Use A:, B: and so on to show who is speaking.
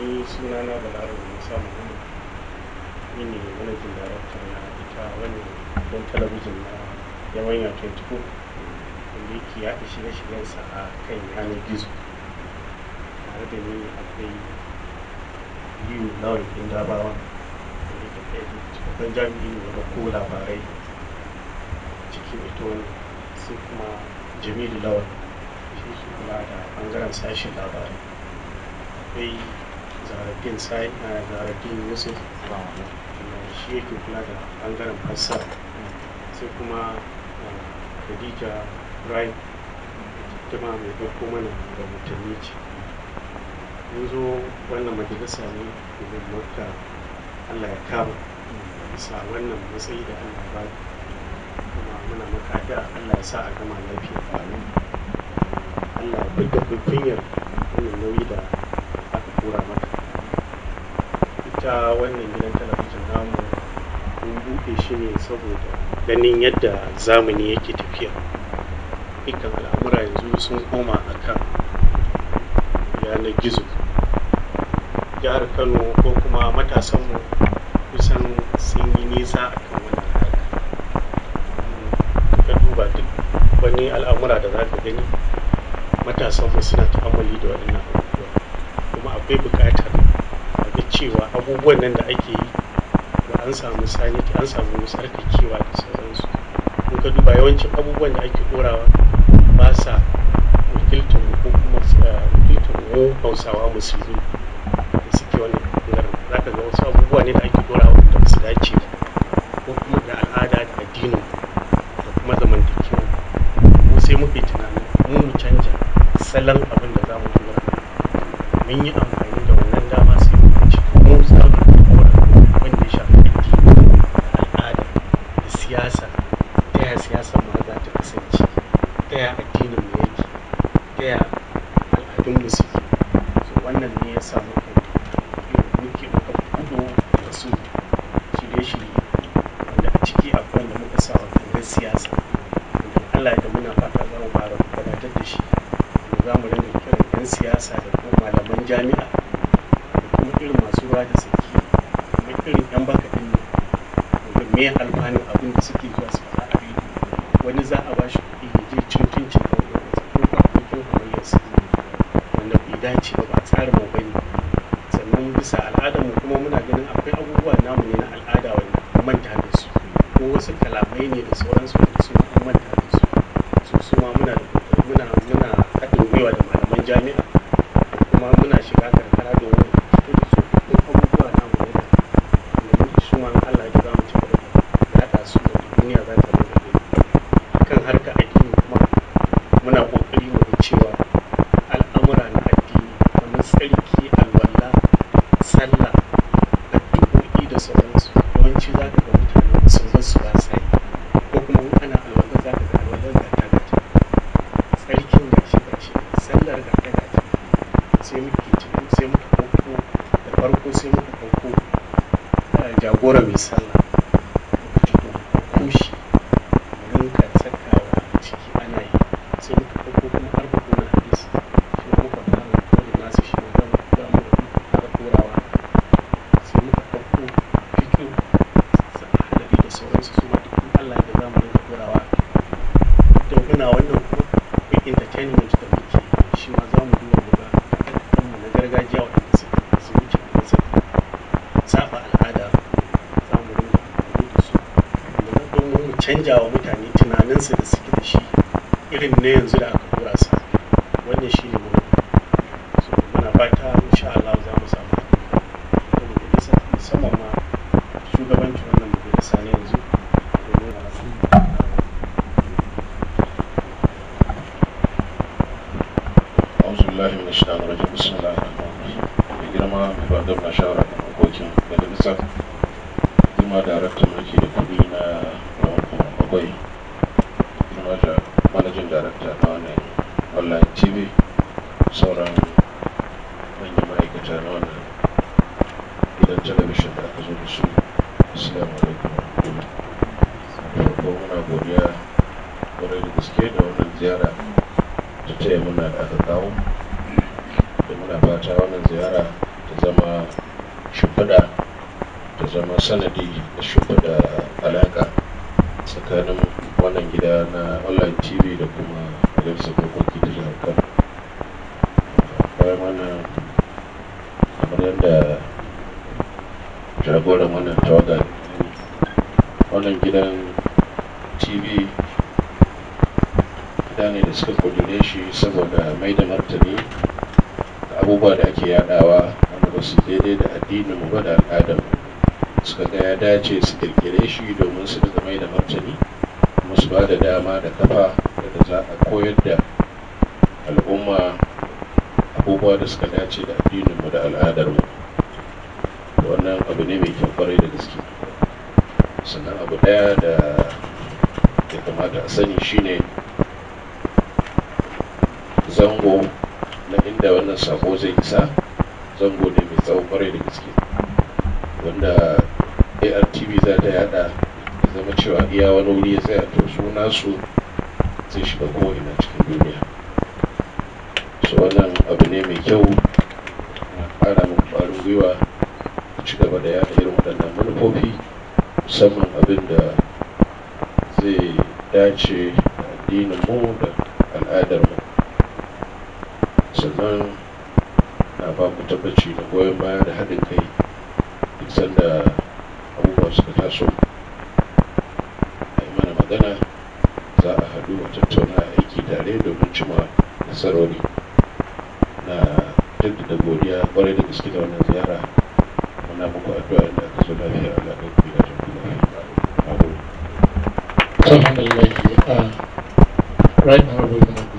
A: ni suna na balarabe musa muhammad ni ne manajin darakta na ita wani don talabijin na yamanya 24 wanda yake yaɗa shirye-shiryensa a kan yanar gizo tare da ni akwai yiwu lawan dabawa wanda yake ɗaya da cikakken jami'i ne na ko labarai cikin ito wannan sai kuma jamilu lawan shi ke kula da ɓangaren sashen labarai akwai zarati inside na zarati yusuf shi yake kula da bangaren hassa sai kuma eh, khadija rai ta ma mai ɗauko mana mutane ce mun zo wannan majalisa ne domin maka allah ya kama bisa wannan matsayi da allah ba kuma muna maka da allah ya sa a gama lafiya allah ya fidda kunyar wannan nauyi da aka kura maka ta wannan gidan talabijin namu mun buɗe shi ne saboda ganin yadda zamani yake tafiya dukkan al'amura yanzu sun koma a kan yanar gizo jihar kano ko kuma matasanmu kusan sun yi nisa kan wannan haka ka duba duk wani al'amura da za ka gani matasanmu suna ta'amali da waɗannan abubuwa kuma akwai buƙatar cewa abubuwan nan da ake yi ba an samu saniki an samu sarkakewa da sauransu in ka duba yawancin abubuwan da ake ɗorawa ba sa wakiltar ko kuma eh, wakiltar mu hausawa musulmi da suke wannan mu za ka ga wasu abubuwa ne da ake ɗorawa da ba su dace ko kuma da al'ada da addinin da kuma zamantakewa mu sai muke tunanin mu mu canja salon abin da za mu ɗora mun yi amfani allah da muna fata za mu fara gabatar da shi da za mu rinda kiran 'yan siyasa da kuma malaman jami'a da kuma irin masu ruwa da saki kuma irin 'yan baka ɗin ne da me alfanu abin da suke zuwa su faɗa a rediyo wani za a ba shi kuɗi ya je cin cincin da wani ko kwakwakwakin ya su wanda bai dace ba akan harka addini kuma muna kokari mu ga cewa al'amura na addini kamar tsarki alwala sallah addu'o'i da sauransu yawanci za ka ga mutane sun bar su ba sai ko kuma in ana alwala za ka ga alwalar da ta gaci tsarkin da shi ba shi sallar da ta gaci sai muke sai muka ɗauko da farko sai muka ɗauko ah, jagora mai sallah muna wannan kuma akwai entertainment da muke shi ma za mu duba mu ga mu na gargajiya wanda su su wuce da su safa al'ada za mu rinka mu da su da domin mu canja wa mutane tunaninsu da suke da shi irin na yanzu da aka kura su wannan shi ne billahi min shaitanir rajim bismillahir rahmanir rahim mai girma mai ba da na shawara da abokin daga nisa mulki da kudi na rawan kuma bakwai da manajin darakta na wannan online tv sauran manyan ma'aikata na wannan gidan talabishin da aka zo da su assalamu alaikum muna godiya kwarai da gaske da wannan ziyara ta taya muna da aka kawo da muna fata wannan ziyara ta zama shimfiɗa ta zama sanadi da shimfiɗa alaƙa tsakanin wannan gida na online tv da kuma majalisar dokoki ta jihar kano bayan wannan kamar yadda jagoran wannan tawaga wannan gidan tv gida ne da suka kudure shi saboda mai da martani abubuwa da ake yaɗawa wanda ba su daidai da addinin mu ba da al'adar suka ga ya dace su kirkire shi domin su daga mai da martani kuma su ba da dama da kafa da za a koyar da al'umma abubuwa da suka dace da addinin mu da al'adar mu wannan abu ne mai kyau kwarai da gaske sannan abu daya da ya kamata a sani shine zango inda wannan sako zai isa zango ne mai tsawon kwarai da gaske wanda artv za ta yada zama cewa iya wani wuri ya tsaya to su zai shiga ko'ina cikin duniya su wannan abu ne mai kyau ana mun ƙwarin gwiwa ci gaba da yada irin waɗannan manufofi musamman abin da zai dace da addinin mu da tabbaci da goyon baya da haɗin kai duk sanda abubuwa suka taso a yi mana magana za a haɗu a tattauna aiki tare domin cima nasarori na da godiya kwarai da gaske da wannan ziyara muna muku addu'a da aka zo lafiya a lafiyar kuma da jamhuriyar Alhamdulillah, uh, right now we're going to